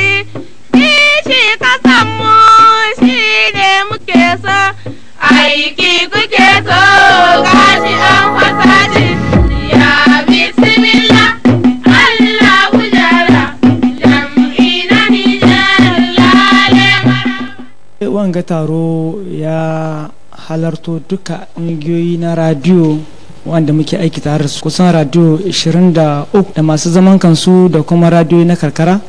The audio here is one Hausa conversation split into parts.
yi kishi kasan mu shi ne muke so aiki kuke so gashi an wasa ce ya bismillah Allah kujara jam'ina Nijar lale eh, wanga taro ya halarto duka ƙungiyoyi na radiyo wanda muke aiki tare da su kusan radio 23 da masu zaman kansu da kuma radio na karkara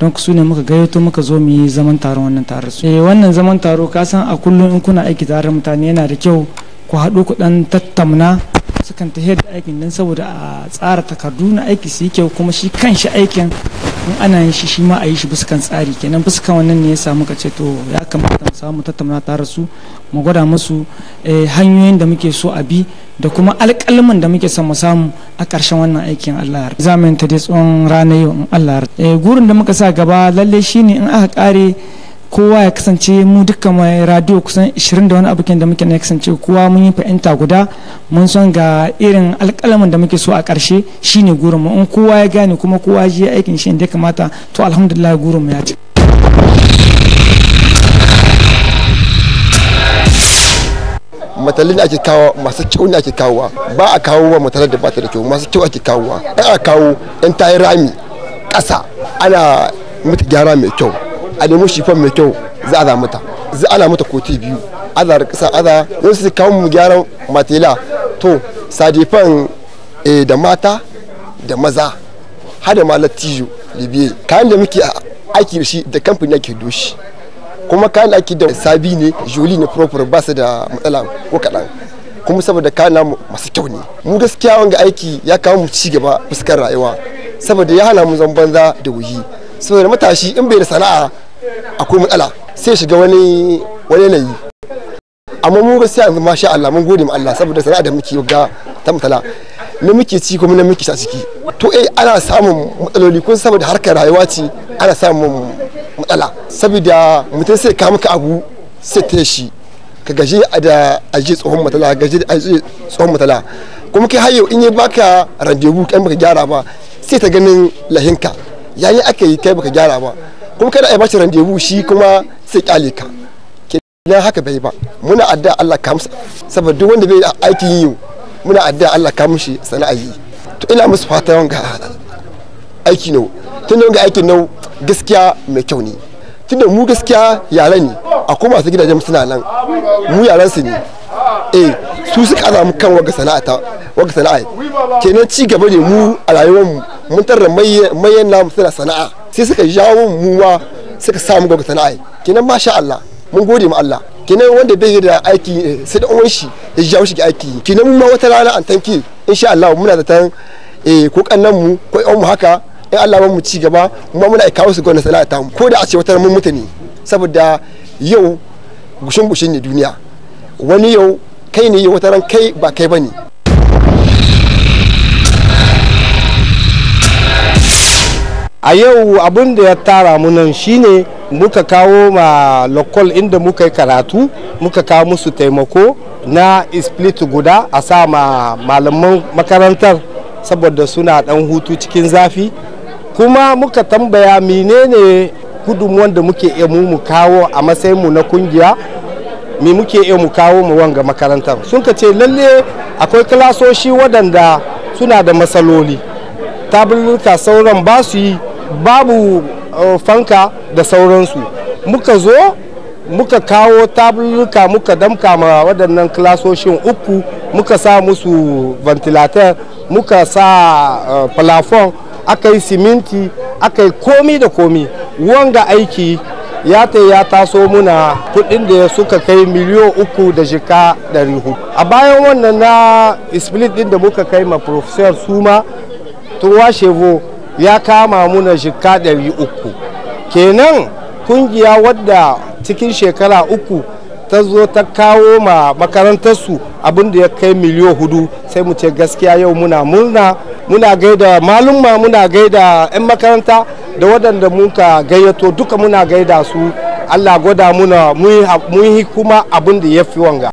don su ne muka gayyato muka zo mu yi zaman taron wannan taron su eh, wannan zaman taro ka san a kullum in kuna aiki tare mutane yana da kyau ku haɗu ku ɗan tattamna sukan ta da aikin don saboda a tsara takardu na aiki su yi kyau kuma shi kan shi aikin in ana yin shi shi ma a yi shi fuskan tsari kenan fuskan wannan ne ya samu ka ce to ya kamata mu samu tattauna tare su mu gwada musu eh, hanyoyin da muke so a bi da kuma alƙalmin da muke son mu samu a ƙarshen wannan aikin Allah za mu ta dai tsawon ranar yau in Allah eh, gurin da muka sa gaba lalle shine in aka kare. kowa ya kasance mu duka mai radio kusan 20 da wani abokin da muke na ya kasance kowa mun yi fahimta guda mun son ga irin alƙalamin da muke so a ƙarshe shine gurin mu in kowa ya gane kuma kowa ya je aikin shi da ya kamata to alhamdulillah gurin mu ya ci matalin ake kawo masu kyau ne ake kawowa ba a kawo wa matalar da ba ta da kyau masu kyau ake kawowa ba a kawo yan tayi rami ƙasa ana mutu gyara mai kyau a shi fan mai kyau za a zamu za ana mata koti biyu ana rikisa ana yau su kawo mu gyara matela to sadifan eh, da mata da maza har da malar tijo libye kayan da muke aiki da shi da kamfani ake doshi kuma kayan aiki da sabi ne joli ne proper ba su da matsala ko kaɗan kuma saboda kayan namu masu kyau ne mu gaskiya wanga aiki ya kawo mu ci gaba fuskar rayuwa saboda ya hana mu zan banza da wuyi saboda matashi in bai da sana'a akwai matsala sai shiga wani wani yanayi amma mu gaskiya yanzu masha Allah mun gode ma Allah saboda sana'a da muke ga ta mutala na muke ci kuma na muke sa ciki to eh ana samun matsaloli kun saboda harkar rayuwa ce ana samun matsala saboda mutum sai ka maka abu sai ta shi ka gaje a da aje tsohon matala gaje da tsohon matala kuma kai hayo in ya baka randevu kai baka gyara ba sai ta ganin lahinka yayin aka yi kai baka gyara ba kuma kada a bashi randevu shi kuma sai kyale ka kenan haka bai ba muna addu'a Allah ka musu saboda duk wanda bai aikin yi muna addu'a Allah ka mushi sana'a yi to ina musu fata wanga aiki nau tun wanga aikin nau gaskiya mai kyau ne tunda mu gaskiya yare ne a kuma masu gidajen suna nan mu yaran su ne eh su suka aza mu kan waga sana'a ta waga sana'a kenan ci gaba ne mu a rayuwar mu mun tarra mayan namu suna sana'a sai suka jawo muwa suka samu ga sana'ai kenan masha Allah mun gode ma Allah kenan wanda bai da aiki eh, sai da uwan shi ya jawo shi ga aiki kenan mun ma wata rana an tanki insha Allah muna da tan eh ko kannan mu ko ƴan mu haka in Allah mu ci gaba kuma muna kawo su ga sana'a ta mu ko da a ce wata mun mutane saboda yau gushin gushin ne duniya wani yau kai ne yau wata ran kai ba kai bane a yau abin da ya tara mu nan shine muka kawo ma lokal inda muka yi karatu muka kawo musu taimako na split guda a sa ma malaman makarantar saboda suna dan hutu cikin zafi kuma muka tambaya menene gudunmuwan da muke iya mu kawo a matsayinmu na kungiya me muke iya mu kawo mu wanga makarantar sun ka ce lalle akwai kilasoshi waɗanda suna da matsaloli tabulluka sauran ba su yi babu uh, fanka da sauransu muka zo muka kawo tabluka muka damka ma waɗannan klasoshin uku muka sa musu ventilator muka sa uh, plafon aka yi siminti aka yi komi da komi wanga aiki ya ta ya taso muna kudin da suka kai miliyo uku da jika ɗari hudu a bayan wannan na split din da muka kai ma professor suma tuwa shevo ya kama muna shika ɗari uku kenan kungiya wadda cikin shekara uku ta zo ta kawo ma makarantarsu abin da ya kai miliyo hudu sai mu ce gaskiya yau muna murna muna gaida malumma muna gaida 'yan makaranta da waɗanda muka gayyato duka muna gaida su allah gwada muna muyi kuma abin da ya fi wanga